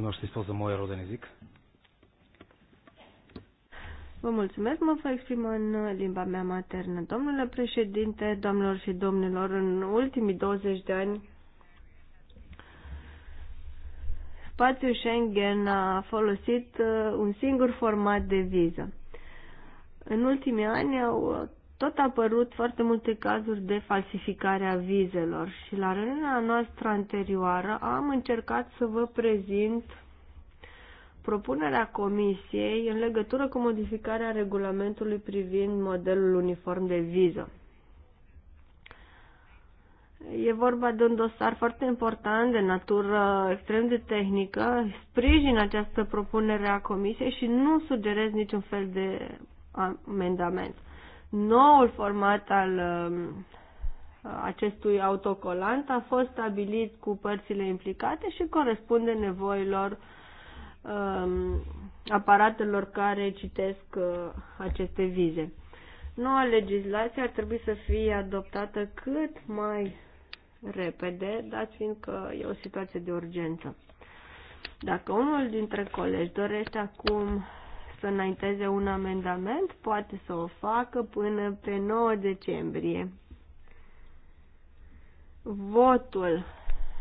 Nu știu, използвам моя роден Vă mulțumesc, mă voi exprima în limba mea maternă. Domnule președinte, domnilor și domnilor, în ultimii 20 de ani, spațiul Schengen a folosit uh, un singur format de viză. În ultimii ani au tot apărut foarte multe cazuri de falsificare a vizelor și la reuniunea noastră anterioară am încercat să vă prezint propunerea comisiei în legătură cu modificarea regulamentului privind modelul uniform de viză. E vorba de un dosar foarte important, de natură extrem de tehnică. Sprijin această propunere a comisiei și nu sugerez niciun fel de amendament. Noul format al um, acestui autocolant a fost stabilit cu părțile implicate și corespunde nevoilor um, aparatelor care citesc uh, aceste vize. Noua legislație ar trebui să fie adoptată cât mai repede, dat fiind că e o situație de urgență. Dacă unul dintre colegi dorește acum să înainteze un amendament, poate să o facă până pe 9 decembrie. Votul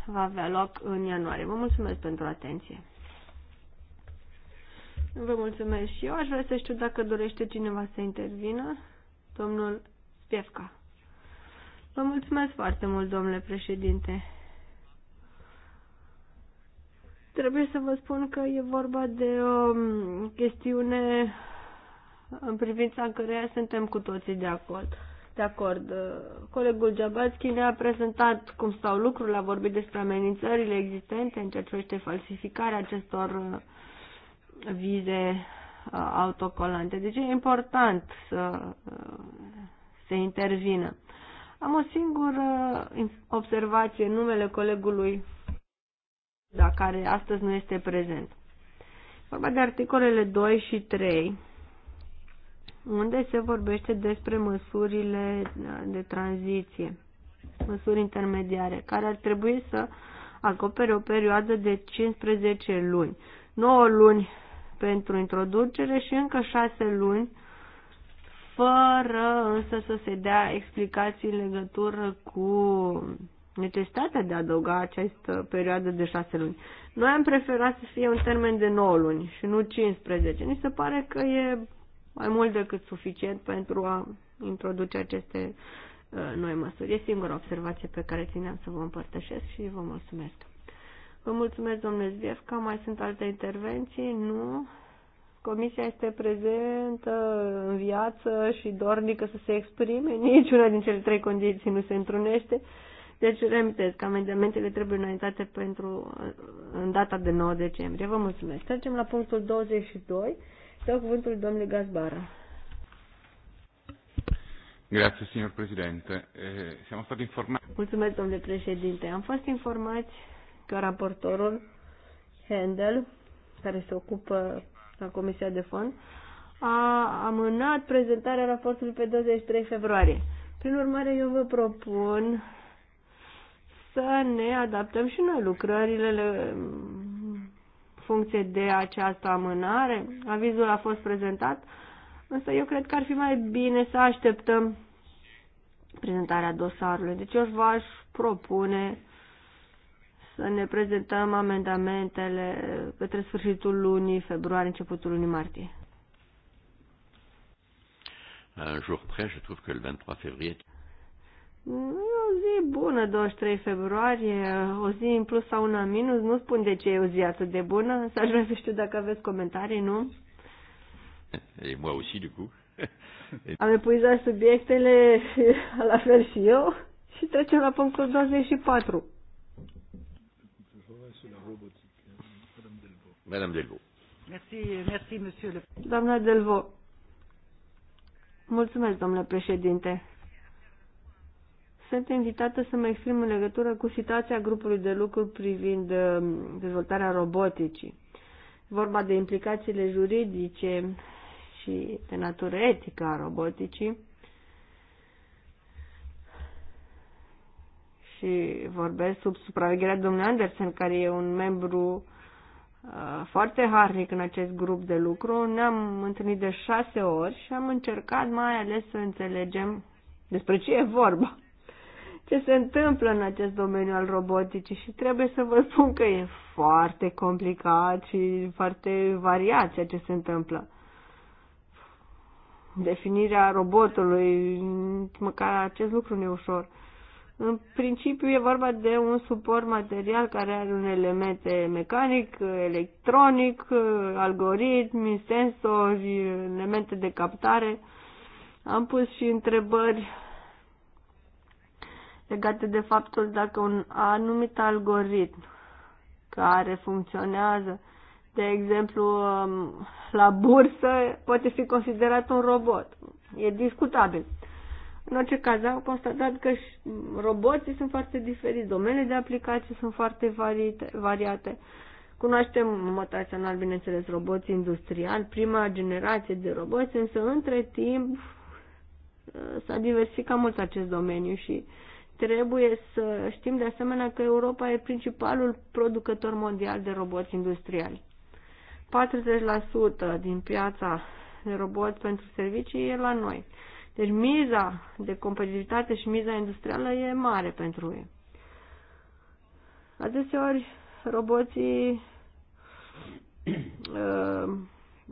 va avea loc în ianuarie. Vă mulțumesc pentru atenție. Vă mulțumesc și eu. Aș vrea să știu dacă dorește cineva să intervină. Domnul Spiefka. Vă mulțumesc foarte mult, domnule președinte. Trebuie să vă spun că e vorba de o chestiune în privința în care suntem cu toții de acord. De acord. Colegul Giabatski ne-a prezentat cum stau lucrurile, a vorbit despre amenințările existente în ceea ce privește falsificarea acestor uh, vize uh, autocolante. Deci e important să uh, se intervină. Am o singură observație în numele colegului dar care astăzi nu este prezent. Vorba de articolele 2 și 3, unde se vorbește despre măsurile de tranziție, măsuri intermediare, care ar trebui să acopere o perioadă de 15 luni, 9 luni pentru introducere și încă 6 luni fără însă să se dea explicații în legătură cu necesitatea de a adăuga această perioadă de șase luni. Noi am preferat să fie un termen de 9 luni și nu 15. Ni se pare că e mai mult decât suficient pentru a introduce aceste uh, noi măsuri. E singura observație pe care țineam să vă împărtășesc și vă mulțumesc. Vă mulțumesc, domnule că Mai sunt alte intervenții? Nu. Comisia este prezentă în viață și dornică să se exprime. Niciuna din cele trei condiții nu se întrunește. Deci, reamintesc că amendamentele trebuie înaintate pentru în data de 9 decembrie. Vă mulțumesc. Trecem la punctul 22. Dau cuvântul domnului Gazbara. Grazie, signor Presidente. Eh, siamo stati informati... Mulțumesc, domnule președinte. Am fost informați că raportorul Handel, care se ocupă la Comisia de Fond, a amânat prezentarea raportului pe 23 februarie. Prin urmare, eu vă propun să ne adaptăm și noi lucrările funcție de această amânare. Avizul a fost prezentat, însă eu cred că ar fi mai bine să așteptăm prezentarea dosarului. Deci eu v-aș propune să ne prezentăm amendamentele către sfârșitul lunii februarie, începutul lunii martie. Un jour près, je trouve que le 23 février... E o zi bună, 23 februarie, o zi în plus sau una în minus, nu spun de ce e o zi atât de bună, Să aș vrea să știu dacă aveți comentarii, nu? E moi aussi, du coup. Am epuizat subiectele, la fel și eu, și trecem la punctul 24. Madame Delvaux. Merci, merci, monsieur le... Doamna Delvaux. Mulțumesc, domnule președinte sunt invitată să mă exprim în legătură cu situația grupului de lucru privind uh, dezvoltarea roboticii. Vorba de implicațiile juridice și de natură etică a roboticii. Și vorbesc sub supravegherea domnului Anderson, care e un membru uh, foarte harnic în acest grup de lucru. Ne-am întâlnit de șase ori și am încercat mai ales să înțelegem despre ce e vorba ce se întâmplă în acest domeniu al roboticii și trebuie să vă spun că e foarte complicat și foarte variat ceea ce se întâmplă. Definirea robotului, măcar acest lucru nu e ușor. În principiu e vorba de un suport material care are un element mecanic, electronic, algoritmi, sensori, elemente de captare. Am pus și întrebări legate de faptul dacă un anumit algoritm care funcționează, de exemplu, um, la bursă, poate fi considerat un robot. E discutabil. În orice caz, am constatat că roboții sunt foarte diferiți, domeniile de aplicație sunt foarte variate. variate. Cunoaștem mutațional, bineînțeles, roboții industriali, prima generație de roboți, însă între timp s-a diversificat mult acest domeniu și uh, Trebuie să știm de asemenea că Europa e principalul producător mondial de roboți industriali. 40% din piața de roboți pentru servicii e la noi. Deci miza de competitivitate și miza industrială e mare pentru ei. Adeseori roboții uh,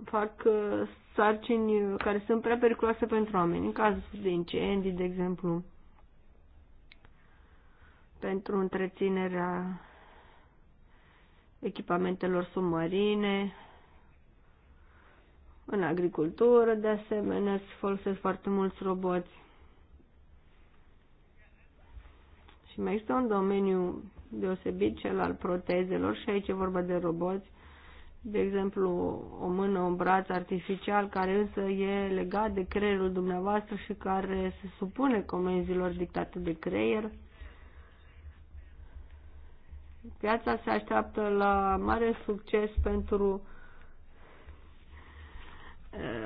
fac uh, sarcini care sunt prea periculoase pentru oameni, în cazul de incendii, de exemplu pentru întreținerea echipamentelor submarine, în agricultură, de asemenea, se folosesc foarte mulți roboți. Și mai există un domeniu deosebit, cel al protezelor, și aici e vorba de roboți, de exemplu, o mână, un braț artificial, care însă e legat de creierul dumneavoastră și care se supune comenzilor dictate de creier. Piața se așteaptă la mare succes pentru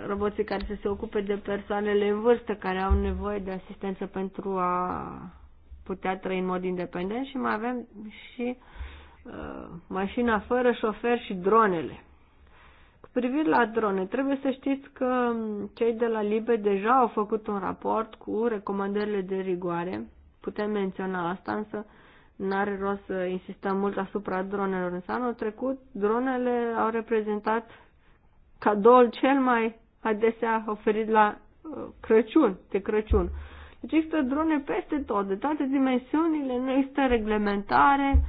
roboții care să se ocupe de persoanele în vârstă care au nevoie de asistență pentru a putea trăi în mod independent și mai avem și uh, mașina fără șofer și dronele. Cu privire la drone, trebuie să știți că cei de la Libe deja au făcut un raport cu recomandările de rigoare. Putem menționa asta, însă uh, N-are rost să insistăm mult asupra dronelor. în anul trecut dronele au reprezentat cadoul cel mai adesea oferit la uh, Crăciun, de Crăciun. Deci există drone peste tot, de toate dimensiunile, nu există reglementare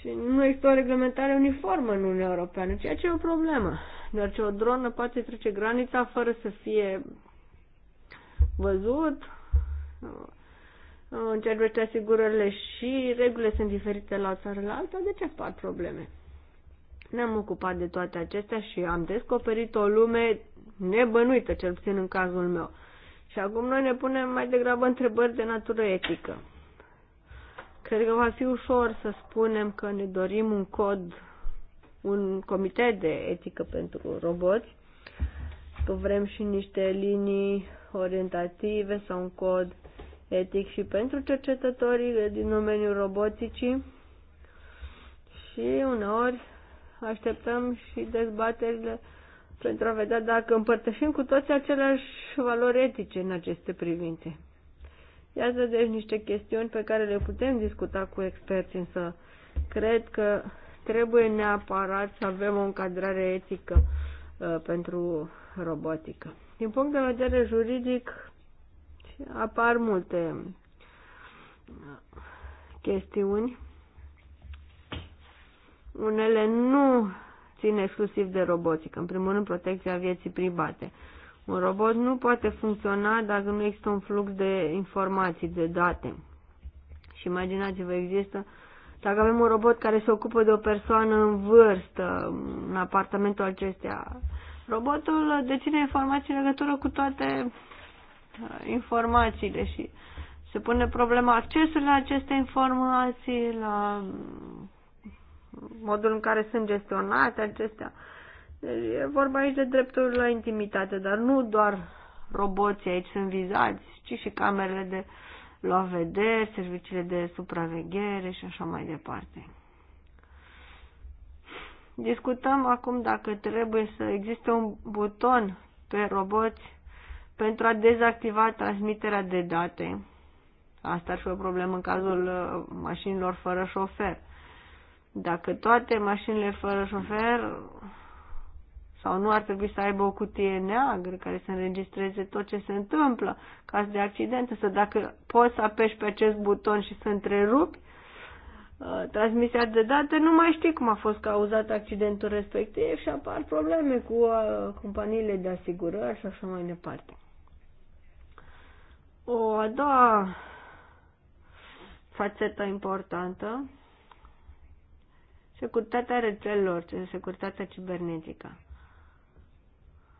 și nu există o reglementare uniformă în Uniunea Europeană, ceea ce e o problemă. Doar ce o dronă poate trece granița fără să fie văzut, în ce privește asigurările și regulile sunt diferite la o țară la alta, ce apar probleme. Ne-am ocupat de toate acestea și am descoperit o lume nebănuită, cel puțin în cazul meu. Și acum noi ne punem mai degrabă întrebări de natură etică. Cred că va fi ușor să spunem că ne dorim un cod, un comitet de etică pentru roboți, că vrem și niște linii orientative sau un cod etic și pentru cercetătorii din domeniul roboticii și uneori așteptăm și dezbaterile pentru a vedea dacă împărtășim cu toți aceleași valori etice în aceste privințe. Iată deci niște chestiuni pe care le putem discuta cu experți, însă cred că trebuie neapărat să avem o încadrare etică uh, pentru robotică. Din punct de vedere juridic, apar multe chestiuni. Unele nu țin exclusiv de robotică. În primul rând, protecția vieții private. Un robot nu poate funcționa dacă nu există un flux de informații, de date. Și imaginați-vă, există dacă avem un robot care se ocupă de o persoană în vârstă, în apartamentul acestea, robotul deține informații în legătură cu toate Uh, informațiile și se pune problema accesului la aceste informații, la modul în care sunt gestionate acestea. Deci e vorba aici de dreptul la intimitate, dar nu doar roboții aici sunt vizați, ci și camerele de lua vedere, serviciile de supraveghere și așa mai departe. Discutăm acum dacă trebuie să existe un buton pe roboți pentru a dezactiva transmiterea de date. Asta ar fi o problemă în cazul uh, mașinilor fără șofer. Dacă toate mașinile fără șofer sau nu ar trebui să aibă o cutie neagră care să înregistreze tot ce se întâmplă, caz de accident, să dacă poți să apeși pe acest buton și să întrerupi uh, transmisia de date, nu mai știi cum a fost cauzat accidentul respectiv și apar probleme cu uh, companiile de asigurări și așa mai departe. O a doua fațetă importantă, securitatea rețelelor, securitatea cibernetică.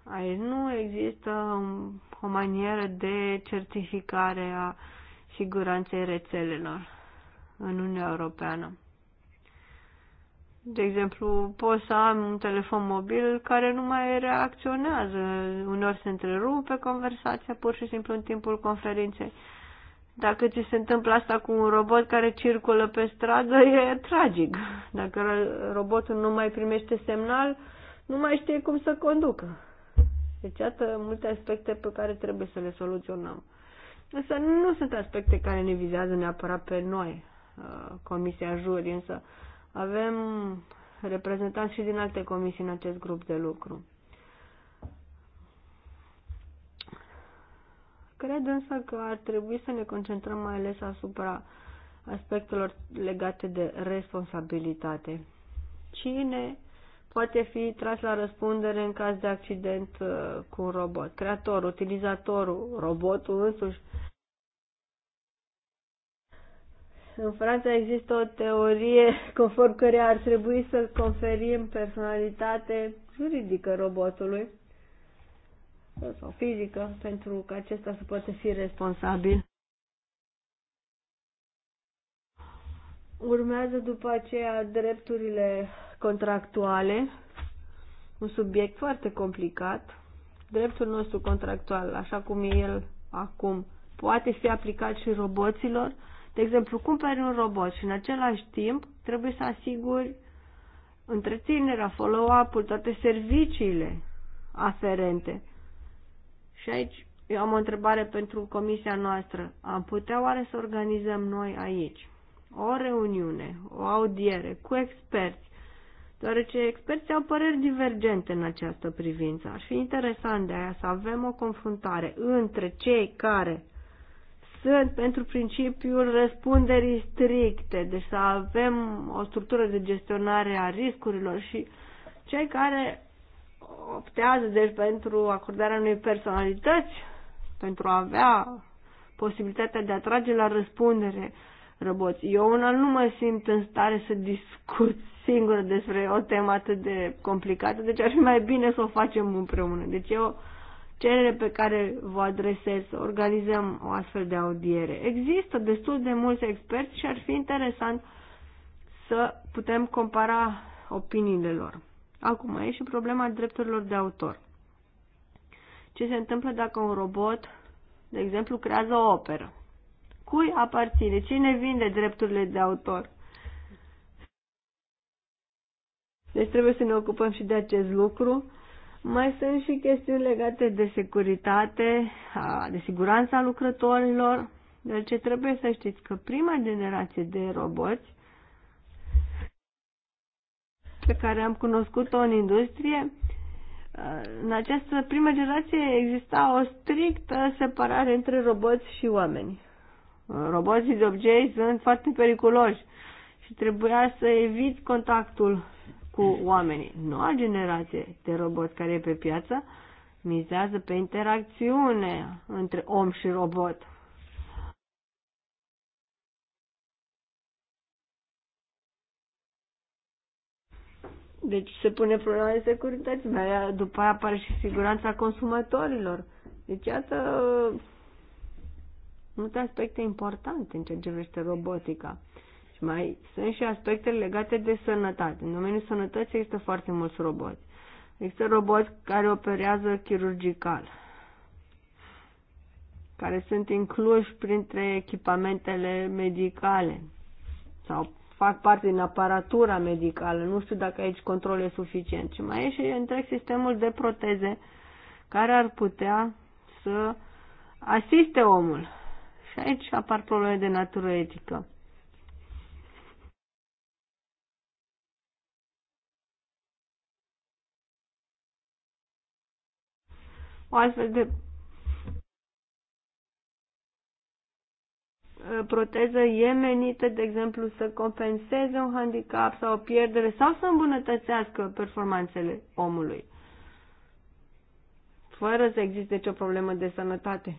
Aici nu există o manieră de certificare a siguranței rețelelor în Uniunea Europeană. De exemplu, pot să am un telefon mobil care nu mai reacționează. Uneori se întrerupe conversația pur și simplu în timpul conferinței. Dacă ți se întâmplă asta cu un robot care circulă pe stradă, e tragic. Dacă robotul nu mai primește semnal, nu mai știe cum să conducă. Deci, iată multe aspecte pe care trebuie să le soluționăm. Însă nu sunt aspecte care ne vizează neapărat pe noi, uh, Comisia Juri, însă avem reprezentanți și din alte comisii în acest grup de lucru. Cred însă că ar trebui să ne concentrăm mai ales asupra aspectelor legate de responsabilitate. Cine poate fi tras la răspundere în caz de accident uh, cu un robot? Creatorul, utilizatorul, robotul însuși în Franța există o teorie conform care ar trebui să conferim personalitate juridică robotului sau fizică pentru că acesta să poată fi responsabil. Urmează după aceea drepturile contractuale, un subiect foarte complicat. Dreptul nostru contractual, așa cum e el acum, poate fi aplicat și roboților de exemplu, cumperi un robot și în același timp trebuie să asiguri întreținerea, follow-up-ul, toate serviciile aferente. Și aici eu am o întrebare pentru comisia noastră. Am putea oare să organizăm noi aici o reuniune, o audiere cu experți, deoarece experții au păreri divergente în această privință. Ar fi interesant de aia să avem o confruntare între cei care sunt pentru principiul răspunderii stricte, deci să avem o structură de gestionare a riscurilor și cei care optează deci pentru acordarea unei personalități, pentru a avea posibilitatea de a trage la răspundere roboți. Eu una nu mă simt în stare să discut singură despre o temă atât de complicată, deci ar fi mai bine să o facem împreună. Deci eu cerere pe care vă adresez să organizăm o astfel de audiere. Există destul de mulți experți și ar fi interesant să putem compara opiniile lor. Acum e și problema drepturilor de autor. Ce se întâmplă dacă un robot, de exemplu, creează o operă? Cui aparține? Cine vinde drepturile de autor? Deci trebuie să ne ocupăm și de acest lucru. Mai sunt și chestiuni legate de securitate, de siguranța lucrătorilor, ce deci trebuie să știți că prima generație de roboți pe care am cunoscut-o în industrie, în această primă generație exista o strictă separare între roboți și oameni. Roboții de obicei sunt foarte periculoși și trebuia să eviți contactul cu oamenii. Noua generație de robot care e pe piață mizează pe interacțiune între om și robot. Deci se pune problema de securități, după aia apare și siguranța consumatorilor. Deci iată multe aspecte importante în ceea ce privește robotica. Mai sunt și aspecte legate de sănătate. În domeniul sănătății există foarte mulți roboți. Există roboți care operează chirurgical, care sunt incluși printre echipamentele medicale sau fac parte din aparatura medicală. Nu știu dacă aici control e suficient. Și mai e și întreg sistemul de proteze care ar putea să asiste omul. Și aici apar probleme de natură etică. o astfel de proteză e menită, de exemplu, să compenseze un handicap sau o pierdere sau să îmbunătățească performanțele omului, fără să existe nicio problemă de sănătate.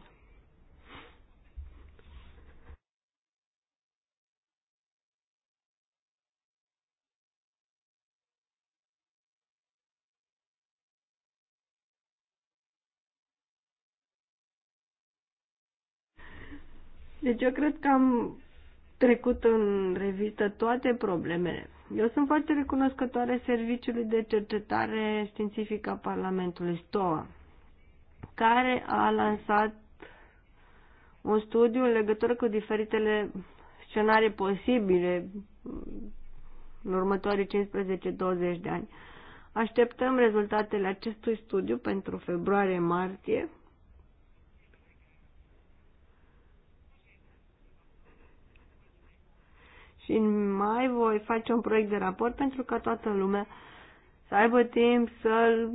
Deci eu cred că am trecut în revistă toate problemele. Eu sunt foarte recunoscătoare Serviciului de Cercetare Științifică a Parlamentului STOA, care a lansat un studiu în legătură cu diferitele scenarii posibile în următoarei 15-20 de ani. Așteptăm rezultatele acestui studiu pentru februarie-martie Și în mai voi face un proiect de raport pentru ca toată lumea să aibă timp să-l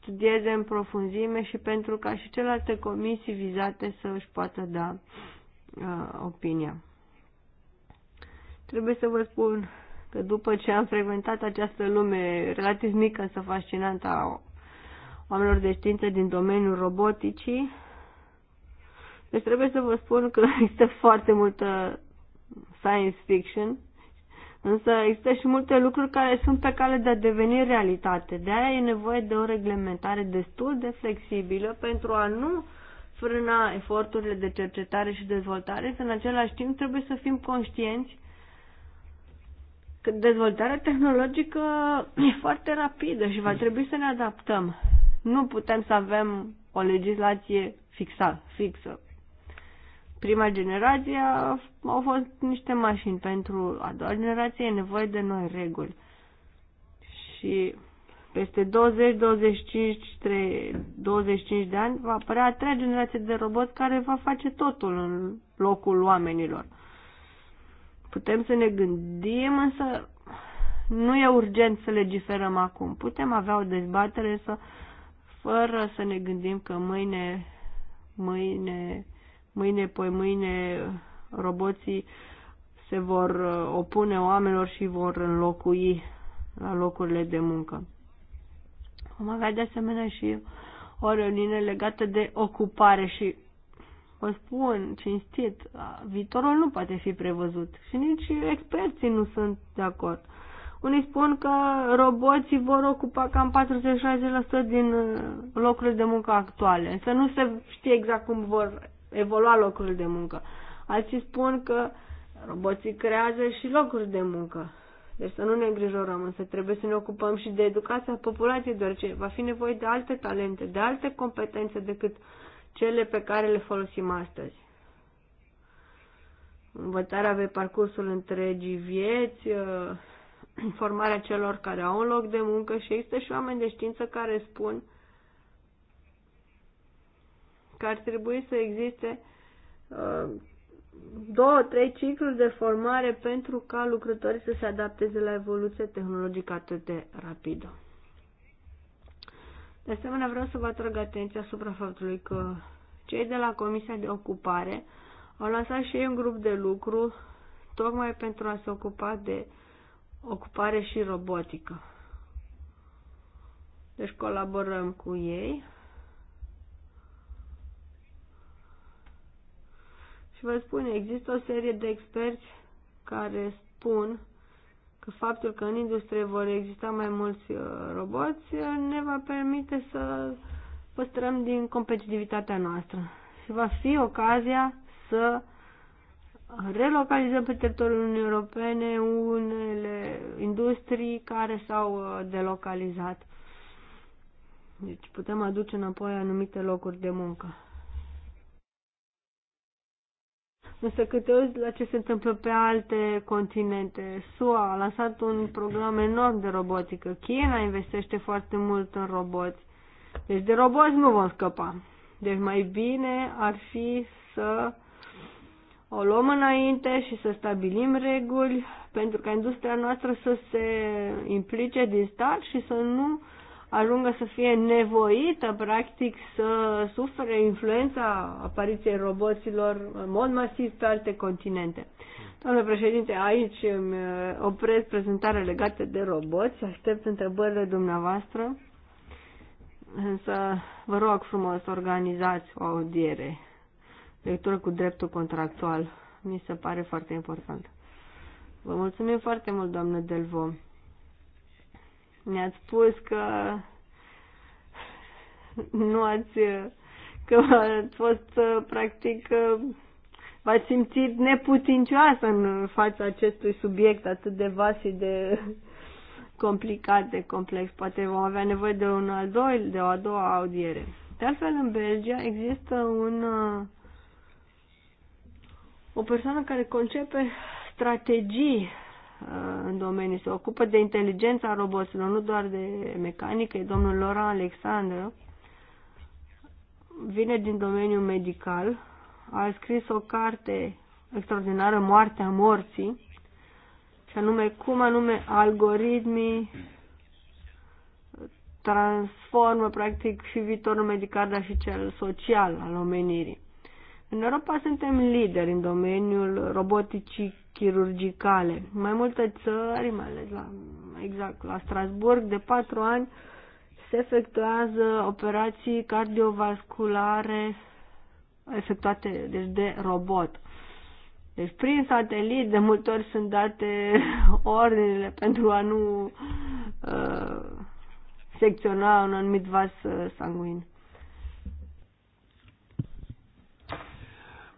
studieze în profunzime și pentru ca și celelalte comisii vizate să își poată da uh, opinia. Trebuie să vă spun că după ce am frecventat această lume relativ mică, însă fascinantă a oamenilor de știință din domeniul roboticii, deci trebuie să vă spun că există foarte multă science fiction, însă există și multe lucruri care sunt pe cale de a deveni realitate. De aia e nevoie de o reglementare destul de flexibilă pentru a nu frâna eforturile de cercetare și dezvoltare, în același timp trebuie să fim conștienți că dezvoltarea tehnologică e foarte rapidă și va trebui să ne adaptăm. Nu putem să avem o legislație fixa, fixă prima generație au fost niște mașini, pentru a doua generație e nevoie de noi reguli. Și peste 20, 25, 3, 25 de ani va apărea a treia generație de roboți care va face totul în locul oamenilor. Putem să ne gândim, însă nu e urgent să legiferăm acum. Putem avea o dezbatere să, fără să ne gândim că mâine, mâine mâine, poi mâine, roboții se vor uh, opune oamenilor și vor înlocui la locurile de muncă. Vom avea de asemenea și o reuniune legată de ocupare și vă spun cinstit, viitorul nu poate fi prevăzut și nici experții nu sunt de acord. Unii spun că roboții vor ocupa cam 40-60% din uh, locurile de muncă actuale, însă nu se știe exact cum vor evolua locurile de muncă. Alții spun că roboții creează și locuri de muncă. Deci să nu ne îngrijorăm, însă trebuie să ne ocupăm și de educația populației, deoarece va fi nevoie de alte talente, de alte competențe decât cele pe care le folosim astăzi. Învățarea pe parcursul întregii vieți, uh, formarea celor care au un loc de muncă și există și oameni de știință care spun că ar trebui să existe uh, două, trei cicluri de formare pentru ca lucrătorii să se adapteze la evoluția tehnologică atât de rapidă. De asemenea, vreau să vă atrag atenția asupra faptului că cei de la Comisia de Ocupare au lansat și ei un grup de lucru tocmai pentru a se ocupa de ocupare și robotică. Deci colaborăm cu ei Și vă spun, există o serie de experți care spun că faptul că în industrie vor exista mai mulți uh, roboți uh, ne va permite să păstrăm din competitivitatea noastră. Și va fi ocazia să relocalizăm pe teritoriul Uniunii Europene unele industrii care s-au uh, delocalizat. Deci putem aduce înapoi anumite locuri de muncă. Însă când te uiți la ce se întâmplă pe alte continente, SUA a lansat un program enorm de robotică, China investește foarte mult în roboți. Deci de roboți nu vom scăpa. Deci mai bine ar fi să o luăm înainte și să stabilim reguli pentru ca industria noastră să se implice din start și să nu ajungă să fie nevoită, practic, să sufere influența apariției roboților în mod masiv pe alte continente. Doamne președinte, aici îmi uh, opresc prezentarea legată de roboți, aștept întrebările dumneavoastră, însă vă rog frumos să organizați o audiere, lectură cu dreptul contractual, mi se pare foarte important. Vă mulțumim foarte mult, doamnă Delvo. Ne-ați spus că nu ați, că ați fost ă, practic, ă, v-ați simțit neputincioasă în fața acestui subiect atât de vast și de complicat, de complex. Poate vom avea nevoie de un al doilea, de o a doua audiere. De altfel, în Belgia există un, ă, o persoană care concepe strategii Uh, în domeniu, se ocupă de inteligența roboților, nu doar de mecanică, e domnul Laura Alexandru, vine din domeniul medical, a scris o carte extraordinară, Moartea Morții, și anume cum anume algoritmii transformă practic și viitorul medical, dar și cel social al omenirii. În Europa suntem lideri în domeniul roboticii chirurgicale. Mai multe țări, mai ales la, exact, la Strasburg, de patru ani se efectuează operații cardiovasculare efectuate deci, de robot. Deci prin satelit de multe ori sunt date ordinele pentru a nu uh, secționa un anumit vas uh, sanguin.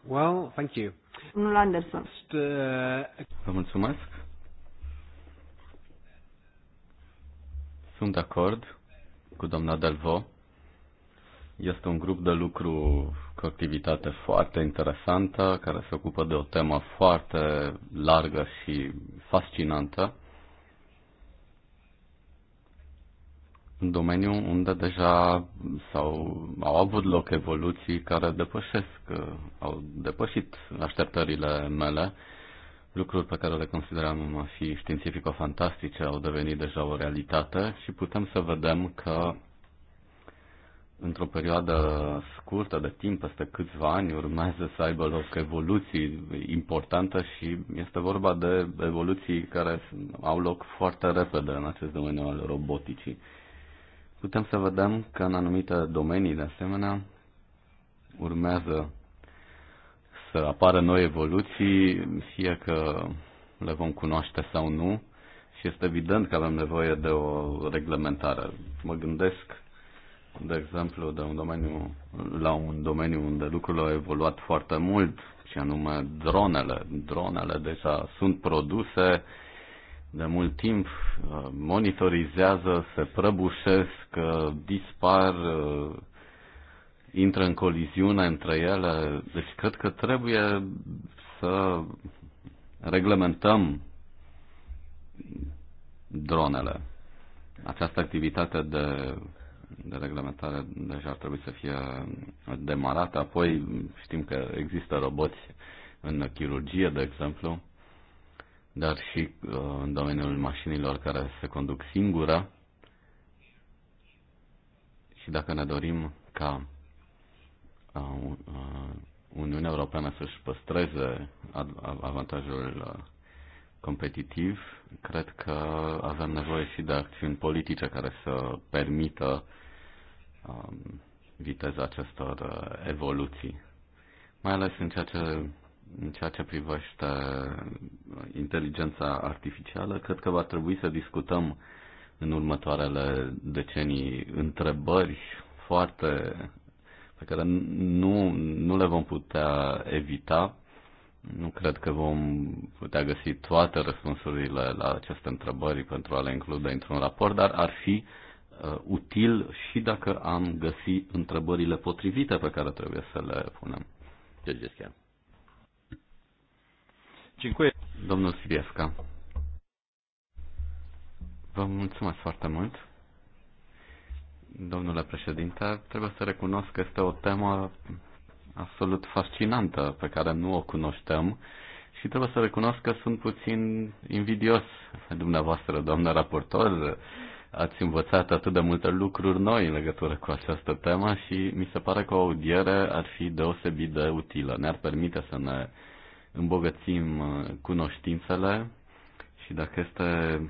Well, thank you. Domnul Anderson. Uh, Vă mulțumesc. Sunt de acord cu doamna Delvo. Este un grup de lucru cu activitate foarte interesantă, care se ocupă de o temă foarte largă și fascinantă. un domeniu unde deja sau au avut loc evoluții care depășesc, au depășit așteptările mele. Lucruri pe care le consideram a fi științifico-fantastice au devenit deja o realitate și putem să vedem că într-o perioadă scurtă de timp, peste câțiva ani, urmează să aibă loc evoluții importante și este vorba de evoluții care au loc foarte repede în acest domeniu al roboticii putem să vedem că în anumite domenii, de asemenea, urmează să apară noi evoluții, fie că le vom cunoaște sau nu, și este evident că avem nevoie de o reglementare. Mă gândesc, de exemplu, de un domeniu, la un domeniu unde lucrurile au evoluat foarte mult, și anume dronele. Dronele deja sunt produse, de mult timp uh, monitorizează, se prăbușesc, uh, dispar, uh, intră în coliziune între ele. Deci cred că trebuie să reglementăm dronele. Această activitate de, de reglementare deja ar trebui să fie demarată. Apoi știm că există roboți în chirurgie, de exemplu, dar și uh, în domeniul mașinilor care se conduc singură. Și dacă ne dorim ca uh, uh, Uniunea Europeană să-și păstreze avantajul competitiv, cred că avem nevoie și de acțiuni politice care să permită um, viteza acestor evoluții, mai ales în ceea ce în ceea ce privește inteligența artificială, cred că va trebui să discutăm în următoarele decenii întrebări foarte pe care nu, nu le vom putea evita. Nu cred că vom putea găsi toate răspunsurile la aceste întrebări pentru a le include într-un raport, dar ar fi uh, util și dacă am găsi întrebările potrivite pe care trebuie să le punem. Georgescu. Dziękuję. Domnul Sibiesca. Vă mulțumesc foarte mult. Domnule președinte, trebuie să recunosc că este o temă absolut fascinantă pe care nu o cunoștem și trebuie să recunosc că sunt puțin invidios pe dumneavoastră, doamnă raportor. Ați învățat atât de multe lucruri noi în legătură cu această temă și mi se pare că o audiere ar fi deosebit de utilă. Ne-ar permite să ne îmbogățim uh, cunoștințele și dacă este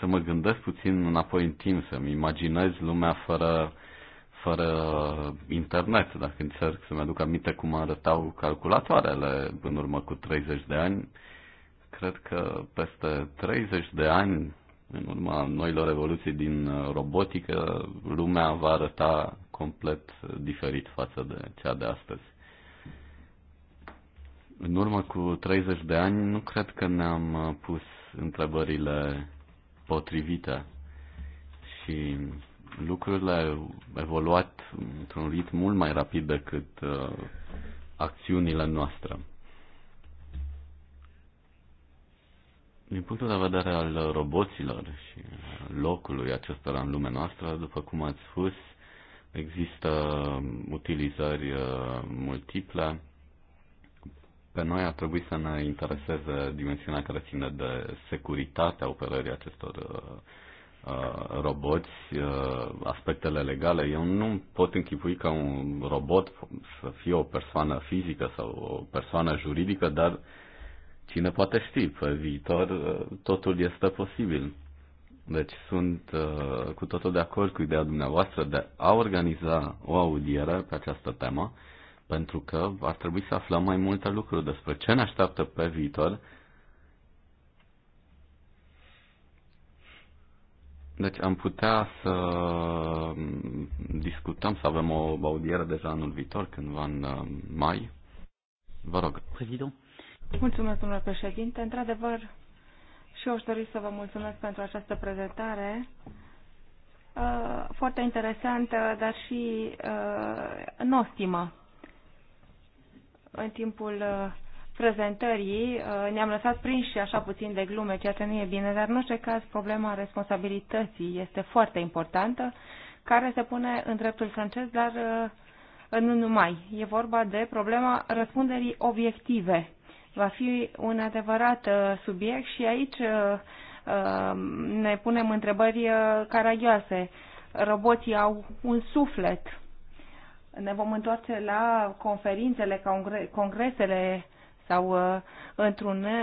să mă gândesc puțin înapoi în timp, să-mi imaginez lumea fără, fără internet, dacă încerc să-mi aduc aminte cum arătau calculatoarele în urmă cu 30 de ani, cred că peste 30 de ani, în urma noilor evoluții din uh, robotică, lumea va arăta complet diferit față de cea de astăzi. În urmă cu 30 de ani nu cred că ne-am uh, pus întrebările potrivite și lucrurile au evoluat într-un ritm mult mai rapid decât uh, acțiunile noastre. Din punctul de vedere al roboților și locului acestora în lumea noastră, după cum ați spus, există utilizări uh, multiple, pe noi ar trebui să ne intereseze dimensiunea care ține de securitatea operării acestor uh, uh, roboți, uh, aspectele legale. Eu nu pot închipui ca un robot să fie o persoană fizică sau o persoană juridică, dar cine poate ști, pe viitor totul este posibil. Deci sunt cu totul de acord cu ideea dumneavoastră de a organiza o audiere pe această temă pentru că ar trebui să aflăm mai multe lucruri despre ce ne așteaptă pe viitor. Deci am putea să discutăm, să avem o audiere deja anul viitor, cândva în uh, mai. Vă rog. Prezident. Mulțumesc, domnule președinte. Într-adevăr, și eu aș dori să vă mulțumesc pentru această prezentare uh, foarte interesantă, dar și uh, nostimă în timpul uh, prezentării uh, ne-am lăsat prinși așa puțin de glume, ceea ce nu e bine, dar în orice caz problema responsabilității este foarte importantă, care se pune în dreptul francez, dar uh, nu numai. E vorba de problema răspunderii obiective. Va fi un adevărat subiect și aici ne punem întrebări caragioase. Roboții au un suflet, ne vom întoarce la conferințele, congresele sau uh,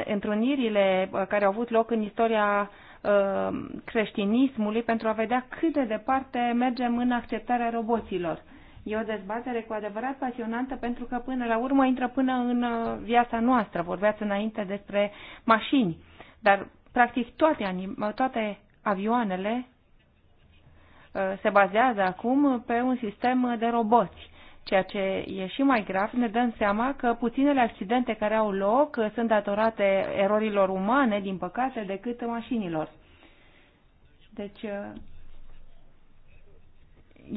întrunirile uh, care au avut loc în istoria uh, creștinismului pentru a vedea cât de departe mergem în acceptarea roboților. E o dezbatere cu adevărat pasionantă pentru că până la urmă intră până în viața noastră. Vorbeați înainte despre mașini, dar practic toate, toate avioanele Uh, se bazează acum pe un sistem de roboți. Ceea ce e și mai grav, ne dăm seama că puținele accidente care au loc uh, sunt datorate erorilor umane, din păcate, decât mașinilor. Deci uh,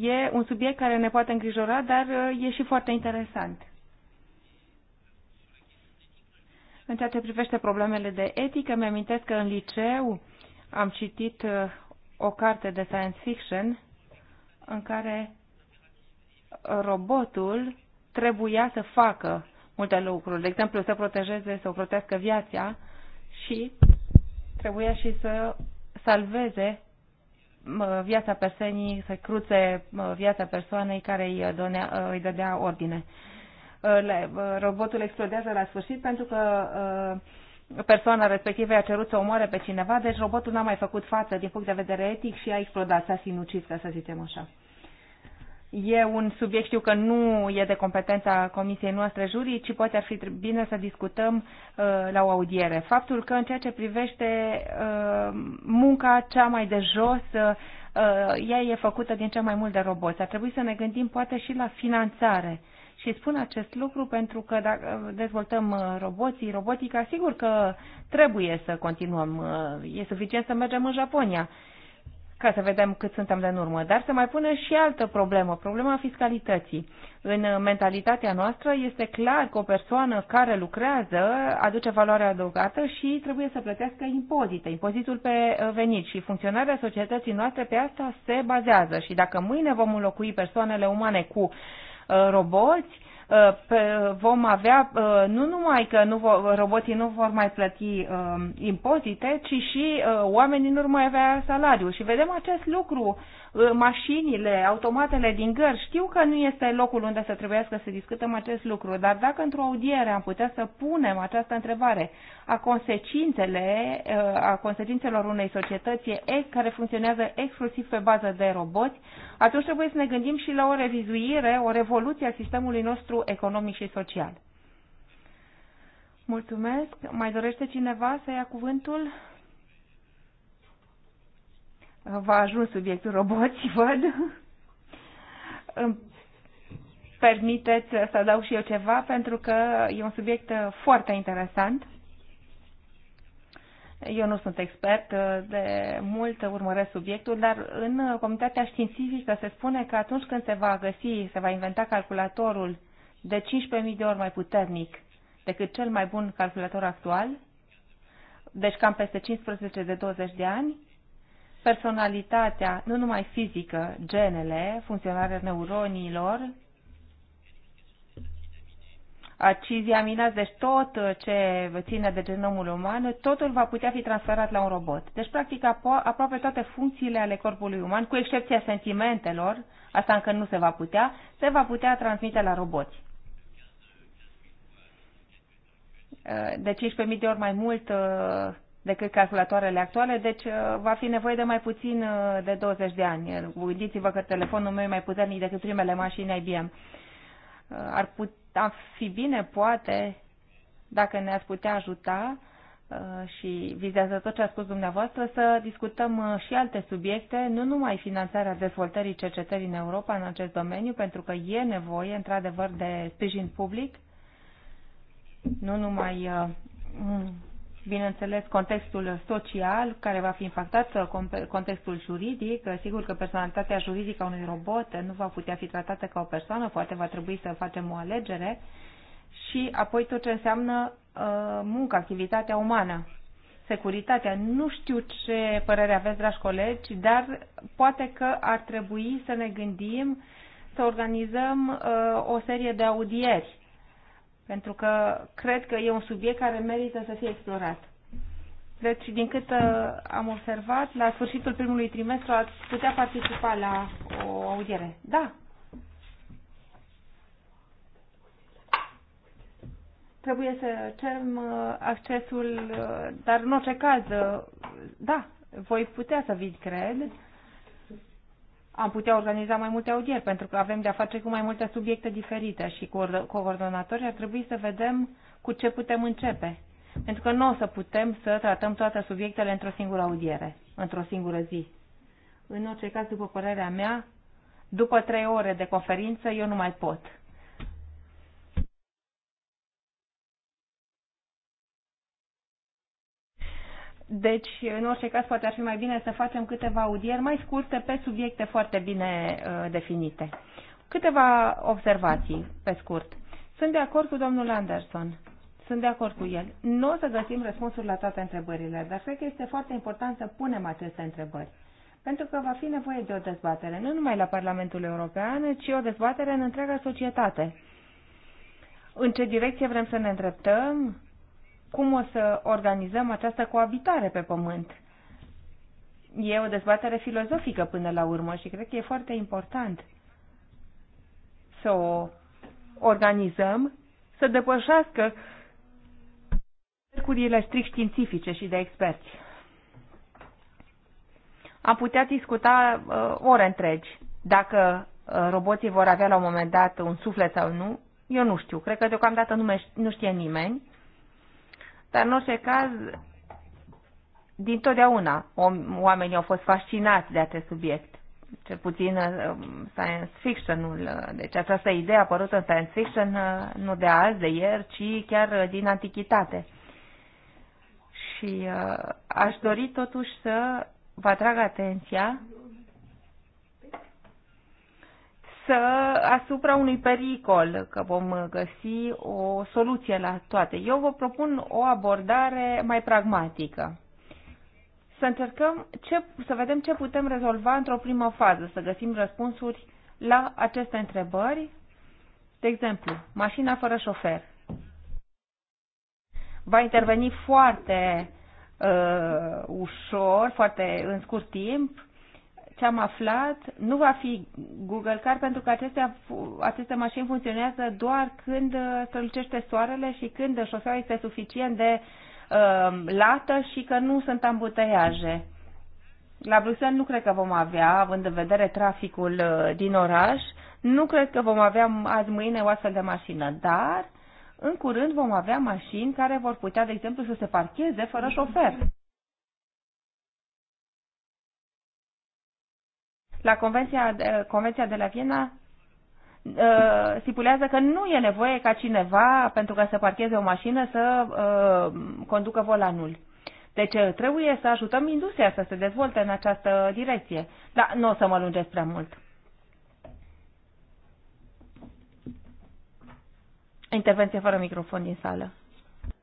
e un subiect care ne poate îngrijora, dar e și foarte interesant. În ceea ce privește problemele de etică, mi-amintesc că în liceu am citit o carte de science fiction în care robotul trebuia să facă multe lucruri. De exemplu, să protejeze, să o protească viața și trebuia și să salveze viața persoanei, să cruțe viața persoanei care îi, donea, îi dădea ordine. Robotul explodează la sfârșit pentru că uh, persoana respectivă a cerut să omoare pe cineva, deci robotul n-a mai făcut față din punct de vedere etic și a explodat, s-a sinucis, ca să zicem așa. E un subiect, știu că nu e de competența comisiei noastre jurii, ci poate ar fi bine să discutăm uh, la o audiere. Faptul că în ceea ce privește uh, munca cea mai de jos, uh, uh ea e făcută din cea mai mult de roboți. Ar trebui să ne gândim poate și la finanțare. Uh, și spun acest lucru pentru că dacă dezvoltăm uh, roboții, robotica, sigur că trebuie să continuăm. Uh, e suficient să mergem în Japonia ca să vedem cât suntem de în urmă. Dar se mai pune și altă problemă, problema fiscalității. În uh, mentalitatea noastră este clar că o persoană care lucrează aduce valoare adăugată și trebuie să plătească impozite, impozitul pe venit și funcționarea societății noastre pe asta se bazează. Și dacă mâine vom înlocui persoanele umane cu Uh, roboți, uh, vom avea uh, nu numai că nu vor, roboții nu vor mai plăti um, impozite, ci și oamenii nu vor mai avea salariu. Și vedem acest lucru mașinile, automatele din gări. Știu că nu este locul unde să trebuiască să discutăm acest lucru, dar dacă într-o audiere am putea să punem această întrebare a consecințele, a consecințelor unei societăți care funcționează exclusiv pe bază de roboți, atunci trebuie să ne gândim și la o revizuire, o revoluție a sistemului nostru economic și social. Mulțumesc. Mai dorește cineva să ia cuvântul? V-a ajuns subiectul roboții, văd. permiteți să adaug și eu ceva, pentru că e un subiect uh, foarte interesant. Eu nu sunt expert, uh, de mult urmăresc subiectul, dar în uh, comunitatea științifică se spune că atunci când se va găsi, se va inventa calculatorul de 15.000 de ori mai puternic decât cel mai bun calculator actual, deci cam peste 15 de 20 de ani, personalitatea, nu numai fizică, genele, funcționarea neuronilor, acizi aminați, deci tot ce ține de genomul uman, totul va putea fi transferat la un robot. Deci, practic, aproape toate funcțiile ale corpului uman, cu excepția sentimentelor, asta încă nu se va putea, se va putea transmite la roboți. De 15.000 de ori mai mult decât calculatoarele actuale, deci uh, va fi nevoie de mai puțin uh, de 20 de ani. Gândiți-vă că telefonul meu e mai puternic decât primele mașini IBM. Uh, ar, putea ar fi bine, poate, dacă ne-ați putea ajuta și vizează tot ce a spus dumneavoastră, să discutăm și alte subiecte, nu numai finanțarea dezvoltării cercetării în Europa în acest domeniu, pentru că e nevoie, într-adevăr, de sprijin public, nu numai bineînțeles, contextul social care va fi impactat, uh, contextul juridic. Uh, sigur că personalitatea juridică a unui robot nu va putea fi tratată ca o persoană, poate va trebui să facem o alegere. Și apoi tot ce înseamnă uh, munca, activitatea umană, securitatea. Nu știu ce părere aveți, dragi colegi, dar poate că ar trebui să ne gândim să organizăm o serie de audieri pentru că cred că e un subiect care merită să fie explorat. Deci, din cât am observat, la sfârșitul primului trimestru ați putea participa la o audiere. Da. Trebuie să cerem uh, accesul, uh, dar în orice caz, uh, da, voi putea să vin, cred am putea organiza mai multe audieri, pentru că avem de-a face cu mai multe subiecte diferite și cu coordonatori ar trebui să vedem cu ce putem începe. Pentru că nu o să putem să tratăm toate subiectele într-o singură audiere, într-o singură zi. În orice caz, după părerea mea, după trei ore de conferință, eu nu mai pot. Deci, în orice caz, poate ar fi mai bine să facem câteva audieri mai scurte pe subiecte foarte bine uh, definite. Câteva observații, pe scurt. Sunt de acord cu domnul Anderson. Sunt de acord cu el. Nu o să găsim răspunsuri la toate întrebările, dar cred că este foarte important să punem aceste întrebări. Pentru că va fi nevoie de o dezbatere, nu numai la Parlamentul European, ci o dezbatere în întreaga societate. În ce direcție vrem să ne îndreptăm? cum o să organizăm această coabitare pe pământ. E o dezbatere filozofică până la urmă și cred că e foarte important să o organizăm, să depășească cercurile strict științifice și de experți. Am putea discuta uh, ore întregi dacă uh, roboții vor avea la un moment dat un suflet sau nu. Eu nu știu. Cred că deocamdată nu, nu știe nimeni. Dar în orice caz, dintotdeauna oamenii au fost fascinați de acest subiect. Cel puțin uh, um, science fiction-ul, uh, deci această idee apărut în science fiction uh, nu de azi, de ieri, ci chiar din antichitate. Și aș dori totuși să vă atrag atenția să asupra unui pericol că vom găsi o soluție la toate. Eu vă propun o abordare mai pragmatică. Să încercăm ce, să vedem ce putem rezolva într-o primă fază, să găsim răspunsuri la aceste întrebări. De exemplu, mașina fără șofer. Va interveni foarte uh, ușor, foarte în scurt timp, ce am aflat, nu va fi Google Car pentru că aceste, aceste mașini funcționează doar când uh, strălucește soarele și când șoseaua este suficient de uh, lată și că nu sunt ambuteiaje. La Bruxelles nu cred că vom avea, având în vedere traficul uh, din oraș, nu cred că vom avea azi mâine o astfel de mașină, dar în curând vom avea mașini care vor putea, de exemplu, să se parcheze fără șofer. la Convenția, Convenția de la Viena ă, stipulează că nu e nevoie ca cineva, pentru că să parcheze o mașină, să uh, conducă volanul. Deci ă, trebuie să ajutăm industria să se dezvolte în această direcție. Dar nu o să mă lungesc prea mult. Intervenție fără microfon din sală.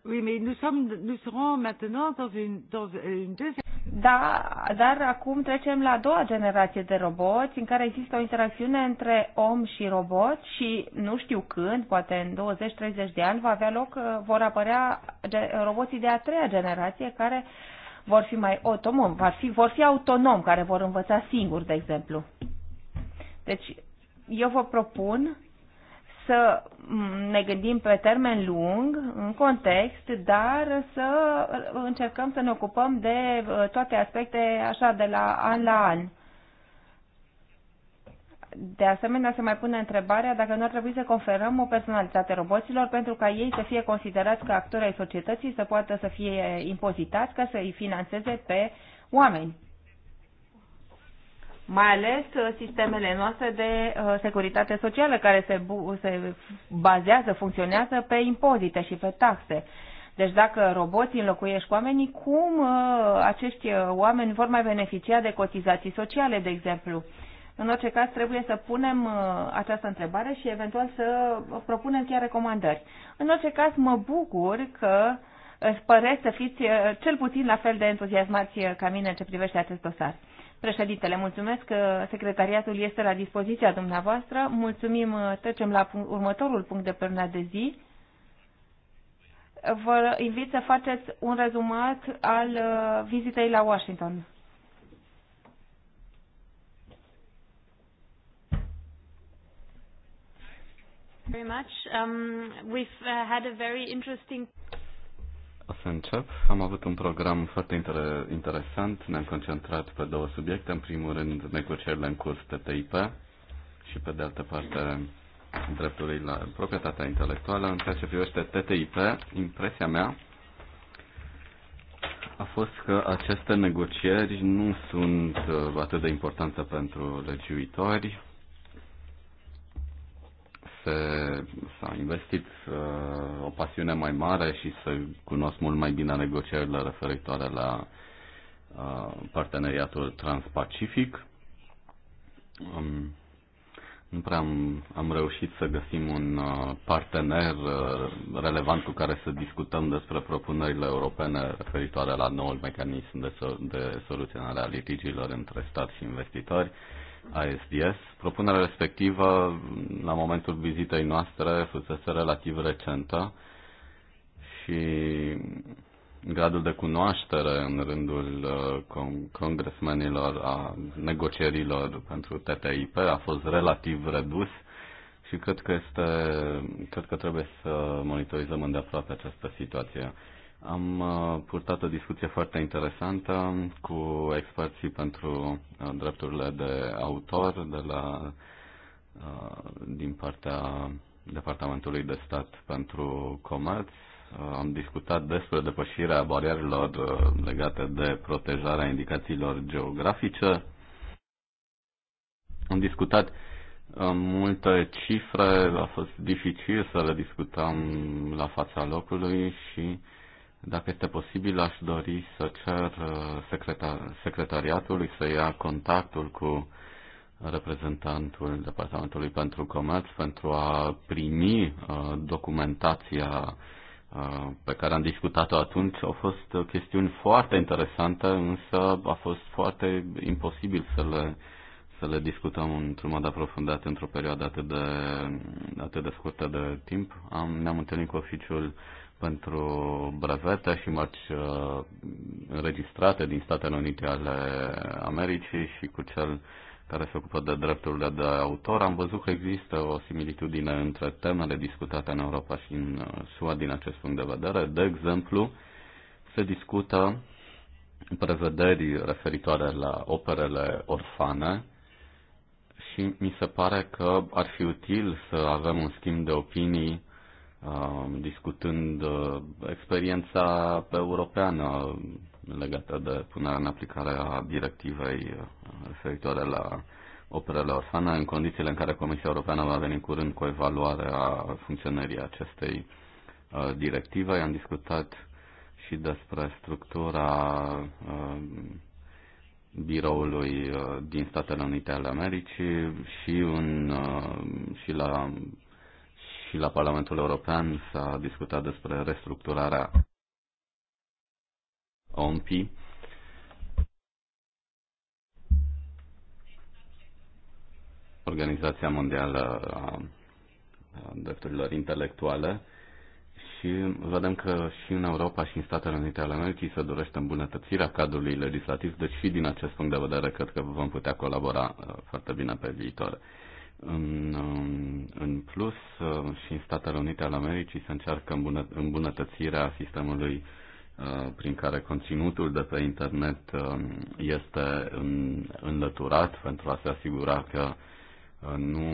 Oui, mais nous sommes, nous serons maintenant dans une, dans une deuxième... Da, dar acum trecem la a doua generație de roboți în care există o interacțiune între om și robot și nu știu când, poate în 20-30 de ani va avea loc, uh, vor apărea roboții de a treia generație care vor fi mai autonom, vor fi, vor fi autonom, care vor învăța singuri, de exemplu. Deci, eu vă propun să ne gândim pe termen lung, în context, dar să încercăm să ne ocupăm de uh, toate aspecte așa de la an la an. De asemenea, se mai pune întrebarea dacă nu ar trebui să conferăm o personalitate roboților pentru ca ei să fie considerați ca actori ai societății, să poată să fie impozitați ca să îi financeze pe oameni mai ales uh, sistemele noastre de uh, securitate socială care se, se bazează, funcționează pe impozite și pe taxe. Deci dacă roboții înlocuiesc oamenii, cum uh, acești oameni vor mai beneficia de cotizații sociale, de exemplu? În orice caz, trebuie să punem această întrebare și eventual să propunem chiar recomandări. În orice caz, mă bucur că păreți să fiți uh, cel puțin la fel de entuziasmați uh, ca mine în ce privește acest dosar. Președintele, mulțumesc că uh, secretariatul este la dispoziția dumneavoastră. Mulțumim, trecem la punct, următorul punct de pe de zi. Vă invit să faceți un rezumat al vizitei la Washington. very much. Um, we've uh, had a very interesting o să încep. Am avut un program foarte inter- interesant. Ne-am concentrat pe două subiecte. În primul rând, negocierile în curs de TIP și, pe de altă parte, drepturile la proprietatea intelectuală. În ceea ce privește TTIP, impresia mea a fost că aceste negocieri nu sunt uh, atât de importante pentru legiuitori se, s-a investit uh, o pasiune mai mare și să cunosc mult mai bine negocierile referitoare la uh, parteneriatul transpacific. Um, nu prea am, am reușit să găsim un uh, partener uh, relevant cu care să discutăm despre propunerile europene referitoare la noul mecanism de, so- de soluționare a litigiilor între stat și investitori. Uh, ISDS. Propunerea respectivă, la momentul vizitei noastre, fusese relativ recentă și gradul de cunoaștere în rândul uh, congresmenilor a negocierilor pentru TTIP a fost relativ redus și cred că, este, cred că trebuie să monitorizăm îndeaproape această situație. Am uh, purtat o discuție foarte interesantă cu experții pentru uh, drepturile de autor de la, uh, din partea Departamentului de Stat pentru Comerț. Am discutat despre depășirea barierelor legate de protejarea indicațiilor geografice. Am discutat multe cifre, a fost dificil să le discutăm la fața locului și dacă este posibil, aș dori să cer uh, secretar, secretariatului să ia contactul cu reprezentantul Departamentului pentru Comerț pentru a primi uh, documentația uh, pe care am discutat-o atunci. Au fost uh, chestiuni foarte interesante, însă a fost foarte imposibil să le, să le discutăm într-un mod aprofundat într-o perioadă atât de, atât de scurtă de timp. Am, ne-am întâlnit cu oficiul uh, pentru brevete și mărci uh, înregistrate din Statele Unite ale Americii și cu cel care se ocupă de drepturile de autor, am văzut că există o similitudine între temele discutate în Europa și în uh, SUA din acest punct de vedere. De exemplu, se discută prevederi referitoare la operele orfane și mi se pare că ar fi util să avem un schimb de opinii Um, discutând uh, experiența europeană legată de punerea în aplicare a directivei uh, referitoare la operele orfane, în condițiile în care Comisia Europeană va veni curând cu o evaluare a funcționării acestei uh, directive. Am discutat și despre structura biroului din Statele Unite ale Americii și, în, și la și la Parlamentul European s-a discutat despre restructurarea OMP. Organizația Mondială a Drepturilor Intelectuale și vedem că și în Europa și în Statele Unite ale Americii se dorește îmbunătățirea cadrului legislativ, deci și din acest punct de vedere cred că vom putea colabora uh, foarte bine pe viitor. În, um, în plus, uh, și în Statele Unite ale Americii se încearcă îmbunătățirea sistemului uh, prin care conținutul de pe internet um, este înlăturat pentru a se asigura că uh, nu,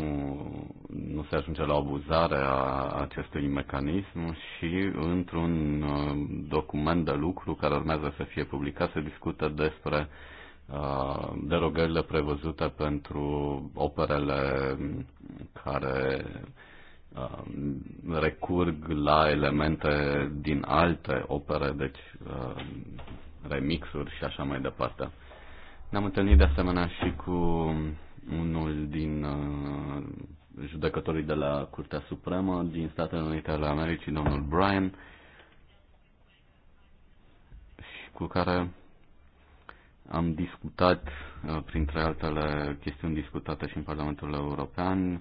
nu se ajunge la abuzare a acestui mecanism și într-un document de lucru care urmează să fie publicat se discută despre Uh, derogările prevăzute pentru operele care uh, recurg la elemente din alte opere, deci uh, remixuri și așa mai departe. Ne-am întâlnit de asemenea și cu unul din judecătorii de la Curtea Supremă din Statele Unite ale Americii, domnul Bryan, și cu care am discutat, uh, printre altele chestiuni discutate și în Parlamentul European,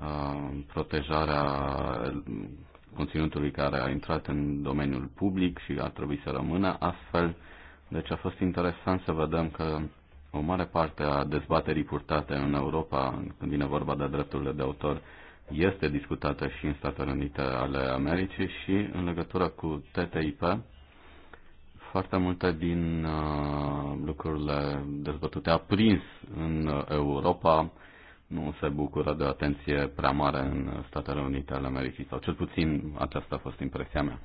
uh, protejarea conținutului care a intrat în domeniul public și ar trebui să rămână astfel. Deci a fost interesant să vedem că o mare parte a dezbaterii purtate în Europa, când vine vorba de drepturile de autor, este discutată și în Statele Unite ale Americii și în legătură cu TTIP, foarte multe din uh, lucrurile dezbătute aprins în Europa nu se bucură de atenție prea mare în Statele Unite ale Americii, sau cel puțin aceasta a fost impresia mea.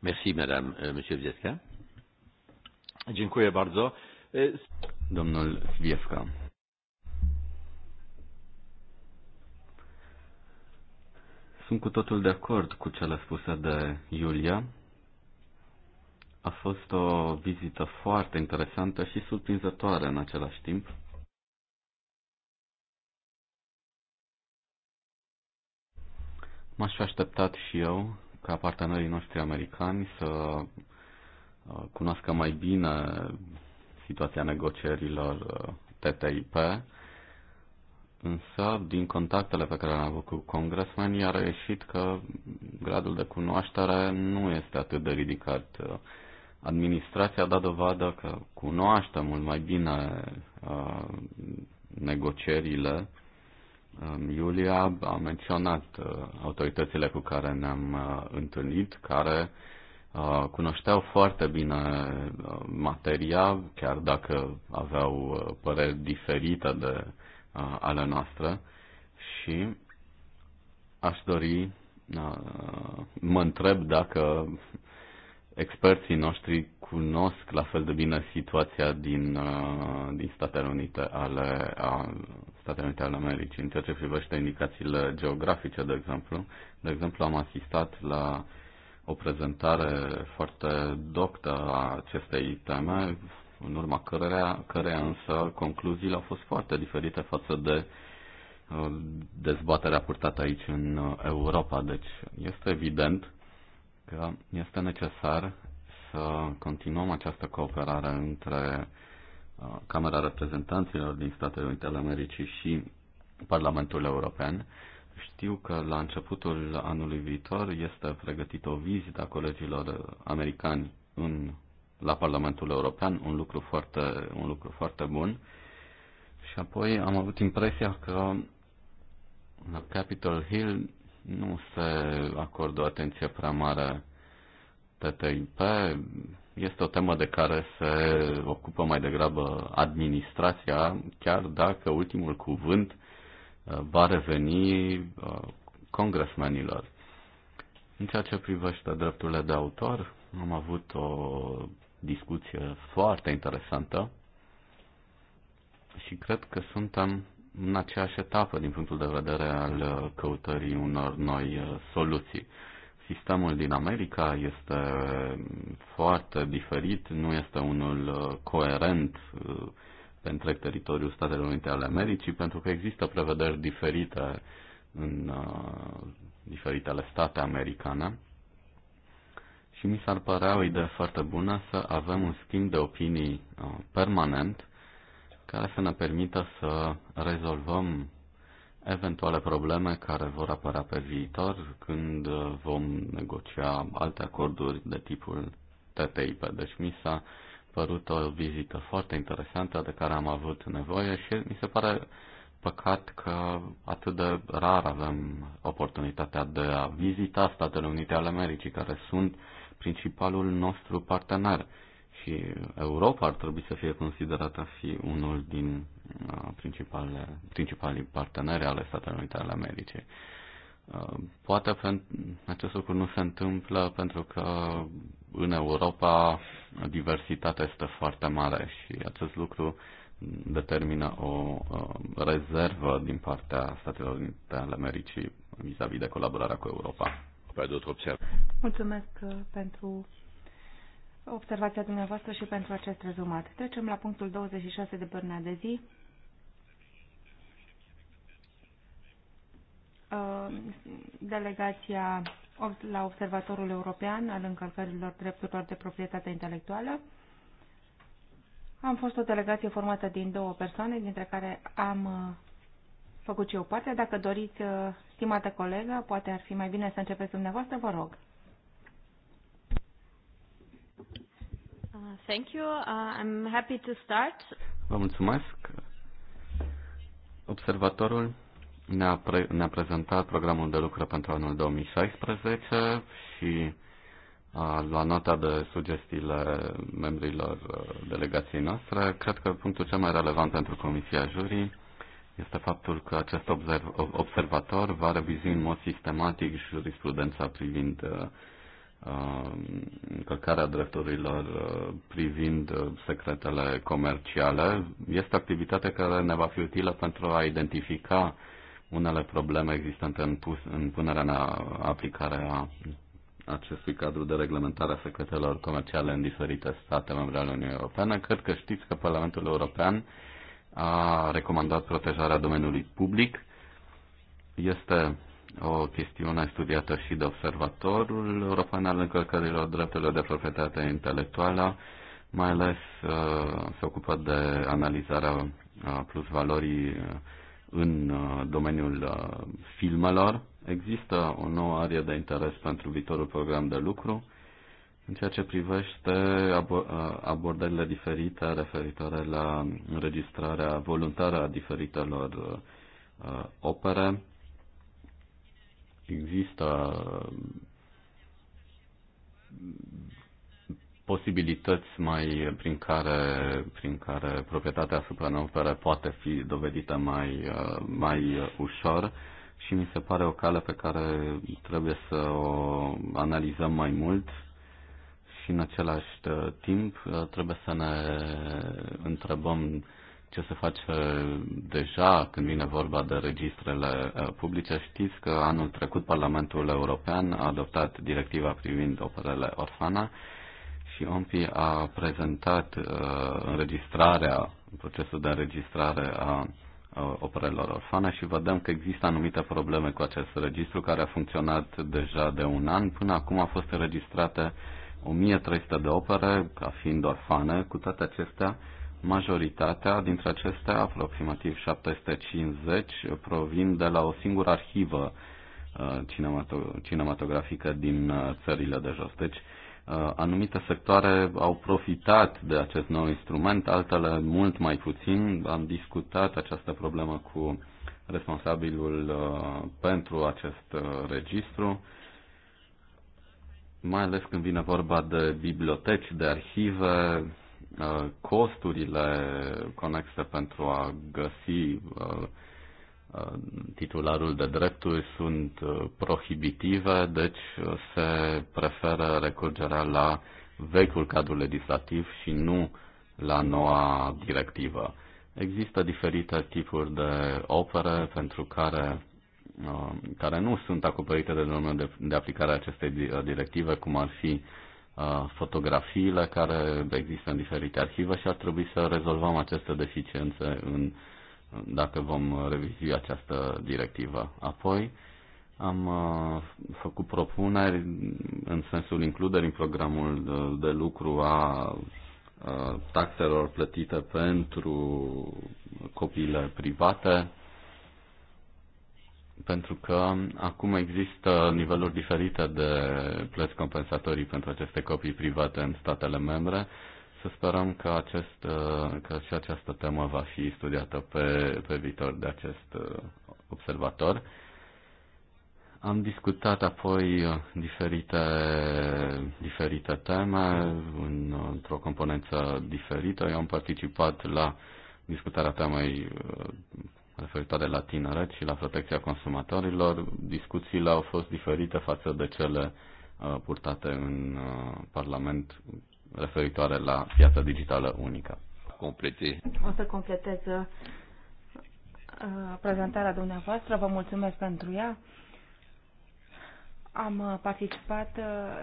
Merci, madame, euh, monsieur Vieska. Dziękuję bardzo. Domnul Vieska. Sunt cu totul de acord cu cele spuse de Iulia a fost o vizită foarte interesantă și surprinzătoare în același timp. M-aș fi așteptat și eu ca partenerii noștri americani să uh, cunoască mai bine situația negocierilor uh, TTIP, însă din contactele pe care le-am avut cu congresmenii a reieșit că gradul de cunoaștere nu este atât de ridicat uh, administrația a dat dovadă că cunoaște mult mai bine uh, negocierile. Uh, Iulia a menționat uh, autoritățile cu care ne-am uh, întâlnit, care uh, cunoșteau foarte bine uh, materia, chiar dacă aveau uh, păreri diferite de uh, ale noastre. Și aș dori, uh, mă întreb dacă experții noștri cunosc la fel de bine situația din, uh, din Statele Unite ale, a, Statele Unite ale Americii, în ceea ce privește indicațiile geografice, de exemplu. De exemplu, am asistat la o prezentare foarte doctă a acestei teme, în urma căreia, căreia însă concluziile au fost foarte diferite față de uh, dezbaterea purtată aici în Europa. Deci este evident că este necesar să continuăm această cooperare între uh, Camera Reprezentanților din Statele Unite ale Americii și Parlamentul European. Știu că la începutul anului viitor este pregătită o vizită a colegilor americani în, la Parlamentul European, un lucru foarte, un lucru foarte bun. Și apoi am avut impresia că la Capitol Hill nu se acordă o atenție prea mare TTIP. Este o temă de care se ocupă mai degrabă administrația, chiar dacă ultimul cuvânt uh, va reveni uh, congresmenilor. În ceea ce privește drepturile de autor, am avut o discuție foarte interesantă și cred că suntem în aceeași etapă din punctul de vedere al căutării unor noi uh, soluții. Sistemul din America este foarte diferit, nu este unul uh, coerent pe uh, întreg teritoriul Statelor Unite ale Americii, pentru că există prevederi diferite în diferitele state americane și mi s-ar părea o idee foarte bună să avem un schimb de opinii permanent care să ne permită să rezolvăm eventuale probleme care vor apărea pe viitor când vom negocia alte acorduri de tipul TTIP. Deci mi s-a părut o vizită foarte interesantă de care am avut nevoie și mi se pare păcat că atât de rar avem oportunitatea de a vizita Statele Unite ale Americii, care sunt principalul nostru partener și Europa ar trebui să fie considerată a fi unul din uh, principalele, principalii parteneri ale Statelor Unite ale Americii. Uh, poate acest lucru nu se întâmplă pentru că în Europa diversitatea este foarte mare și acest lucru determină o uh, rezervă din partea Statelor Unite ale Americii vis-a-vis -vis de colaborarea cu Europa. Mulțumesc pentru observația dumneavoastră și pentru acest rezumat. Trecem la punctul 26 de pârnea de zi. Uh, delegația la Observatorul European al încălcărilor drepturilor de proprietate intelectuală. Am fost o delegație formată din două persoane, dintre care am uh, făcut și eu parte. Dacă doriți, uh, stimată colegă, poate ar fi mai bine să începeți dumneavoastră, vă rog. Uh, thank you. Uh, I'm happy to start. Vă mulțumesc. Observatorul ne-a, pre- ne prezentat programul de lucru pentru anul 2016 și a luat nota de sugestiile membrilor uh, delegației noastre. Cred că punctul cel mai relevant pentru Comisia Jurii este faptul că acest observ- observator va revizui în mod sistematic jurisprudența privind uh, Uh, încălcarea drepturilor uh, privind uh, secretele comerciale. Este activitate care ne va fi utilă pentru a identifica unele probleme existente în, pus, în punerea în aplicare a acestui cadru de reglementare a secretelor comerciale în diferite state membre ale Uniunii Europene. Cred că știți că Parlamentul European a recomandat protejarea domeniului public. Este o chestiune studiată și de Observatorul European al încălcărilor drepturilor de proprietate intelectuală, mai ales uh, se ocupă de analizarea uh, plus valorii uh, în domeniul filmelor. Există o nouă arie de interes pentru viitorul program de lucru în ceea ce privește abordările diferite referitoare la înregistrarea voluntară a diferitelor opere există uh, posibilități mai prin care, prin care proprietatea supranumeră poate fi dovedită mai, uh, mai ușor și mi se pare o cale pe care trebuie să o analizăm mai mult și în același uh, timp trebuie să ne întrebăm ce se face deja când vine vorba de registrele uh, publice. Știți că anul trecut Parlamentul European a adoptat directiva privind operele orfana și OMPI a prezentat uh, înregistrarea, procesul de înregistrare a uh, operelor orfane și vedem că există anumite probleme cu acest registru care a funcționat deja de un an. Până acum au fost înregistrate 1300 de opere ca fiind orfane. Cu toate acestea, Majoritatea dintre acestea, aproximativ 750, provin de la o singură arhivă uh, cinematografică din uh, țările de jos. Deci, uh, anumite sectoare au profitat de acest nou instrument, altele mult mai puțin. Am discutat această problemă cu responsabilul pentru acest registru, mai ales când vine vorba de biblioteci, de arhive, Uh, costurile conexe pentru a găsi uh, uh, titularul de drepturi sunt prohibitive, deci se preferă recurgerea la vechiul cadru legislativ și nu la noua directivă. Există diferite tipuri de opere pentru care, care nu sunt acoperite de normele de, de aplicare a acestei directive, cum ar fi Uh, fotografiile care există în diferite arhive și ar trebui să rezolvăm aceste deficiențe în, dacă vom revizui această directivă. Apoi am uh, făcut propuneri în sensul includerii în programul de, de lucru a uh, taxelor plătite pentru copiile private pentru că acum există niveluri diferite de plăți compensatorii pentru aceste copii private în statele membre. Să sperăm că, acest, că și această temă va fi studiată pe, pe viitor de acest uh, observator. Am discutat apoi diferite, diferite teme în, într-o componență diferită. Eu am participat la discutarea temei uh, referitoare la tineret și la protecția consumatorilor, discuțiile au fost diferite față de cele uh, purtate în uh, Parlament referitoare la piața digitală unică. Complete. O să completez uh, prezentarea dumneavoastră. Vă mulțumesc pentru ea. Am participat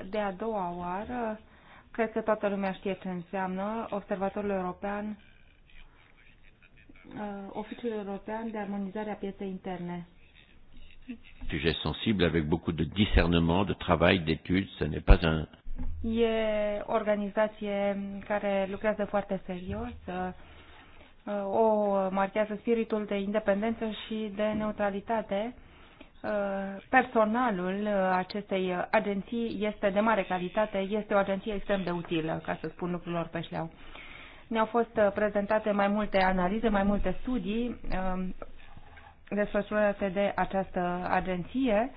de a doua oară. Cred că toată lumea știe ce înseamnă Observatorul European Uh, Oficiul European de Armonizare a Pieței Interne. Sujet sensible avec beaucoup de discernement, de travail, d'études, ce n'est pas un... E organizație care lucrează foarte serios, uh, o marchează spiritul de independență și de neutralitate. Uh, personalul acestei agenții este de mare calitate, este o agenție extrem de utilă, ca să spun lucrurilor pe șleau. Ne-au fost uh, prezentate mai multe analize, mai multe studii um, desfășurate de această agenție.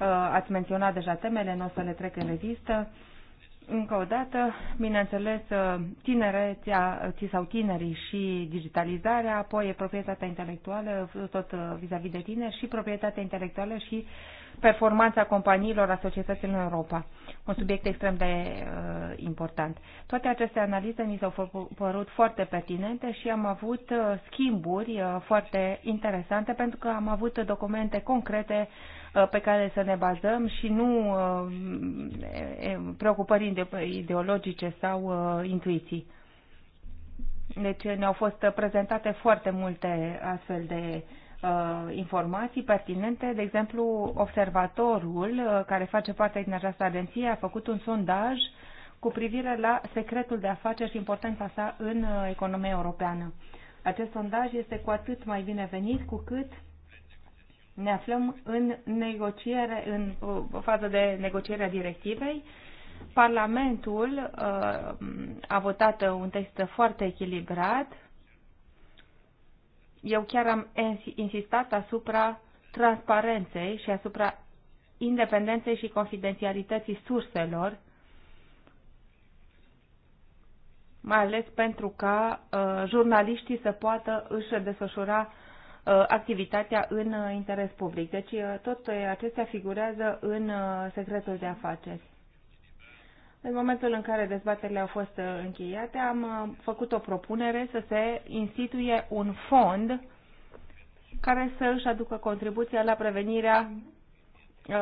Uh, ați menționat deja temele, nu o să le trec în revistă. Încă o dată, bineînțeles, uh, tinerețea sau tinerii și digitalizarea, apoi proprietatea intelectuală, tot vis-a-vis -vis de tineri, și proprietatea intelectuală și performanța companiilor, a societăților în Europa. Un subiect extrem de uh, important. Toate aceste analize mi s-au părut foarte pertinente și am avut uh, schimburi uh, foarte interesante pentru că am avut documente concrete uh, pe care să ne bazăm și nu uh, preocupări ideologice sau uh, intuiții. Deci ne-au fost prezentate foarte multe astfel de uh, Uh, informații pertinente. De exemplu, observatorul uh, care face parte din această agenție a făcut un sondaj cu privire la secretul de afaceri și importanța sa în uh, economia europeană. Acest sondaj este cu atât mai bine venit, cu cât ne aflăm în negociere, în fază de negociere a directivei. Parlamentul a votat un text foarte echilibrat eu chiar am insistat asupra transparenței și asupra independenței și confidențialității surselor, mai ales pentru ca uh, jurnaliștii să poată își desfășura uh, activitatea în uh, interes public. Deci uh, tot uh, acestea figurează în uh, secretul de afaceri. În momentul în care dezbaterile au fost uh, încheiate, am uh, făcut o propunere să se instituie un fond care să își aducă contribuția la prevenirea uh,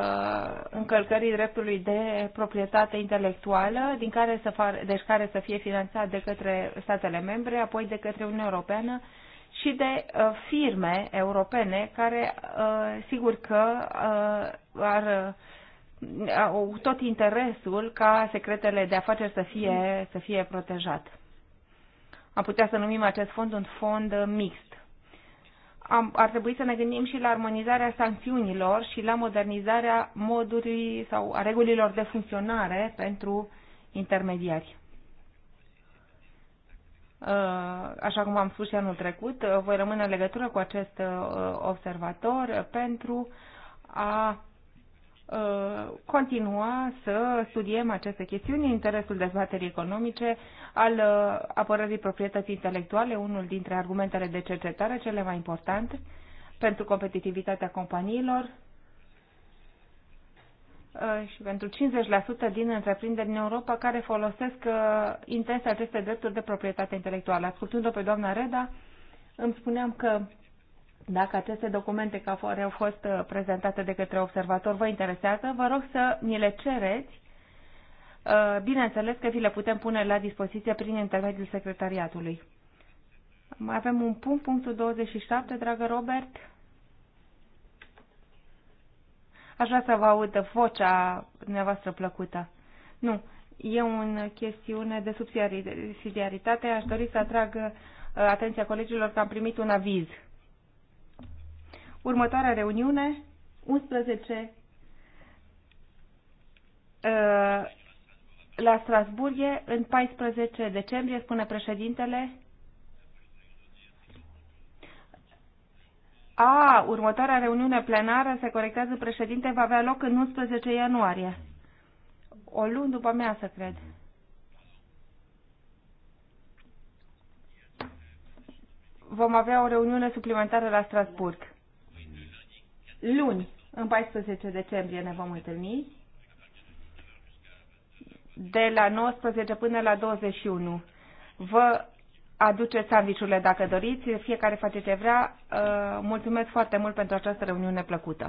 încălcării dreptului de proprietate intelectuală, din care să far, deci care să fie finanțat de către statele membre, apoi de către Uniunea Europeană și de uh, firme europene care, uh, sigur că uh, ar au tot interesul ca secretele de afaceri să fie, să fie protejat. Am putea să numim acest fond un fond mixt. Am, ar trebui să ne gândim și la armonizarea sancțiunilor și la modernizarea modului sau a regulilor de funcționare pentru intermediari. Uh, așa cum am spus și anul trecut, uh, voi rămâne în legătură cu acest uh, observator pentru a continua să studiem aceste chestiuni în interesul dezbaterii economice al uh, apărării proprietății intelectuale, unul dintre argumentele de cercetare cele mai importante pentru competitivitatea companiilor uh, și pentru 50% din întreprinderi în Europa care folosesc uh, intens aceste drepturi de proprietate intelectuală. Ascultând-o pe doamna Reda, îmi spuneam că dacă aceste documente care au fost uh, prezentate de către observator vă interesează, vă rog să ni le cereți. Uh, bineînțeles că vi le putem pune la dispoziție prin intermediul secretariatului. Mai avem un punct, punctul 27, dragă Robert. Aș vrea să vă aud vocea dumneavoastră plăcută. Nu, e o chestiune de subsidiaritate. Aș dori să atrag uh, atenția colegilor că am primit un aviz Următoarea reuniune, 11 ă, la Strasburg în 14 decembrie, spune președintele. A, următoarea reuniune plenară, se corectează președinte, va avea loc în 11 ianuarie. O luni după mea, să cred. Vom avea o reuniune suplimentară la Strasburg. Luni, în 14 decembrie, ne vom întâlni de la 19 până la 21. Vă aduceți sandvișurile dacă doriți, fiecare face ce vrea. Uh, mulțumesc foarte mult pentru această reuniune plăcută.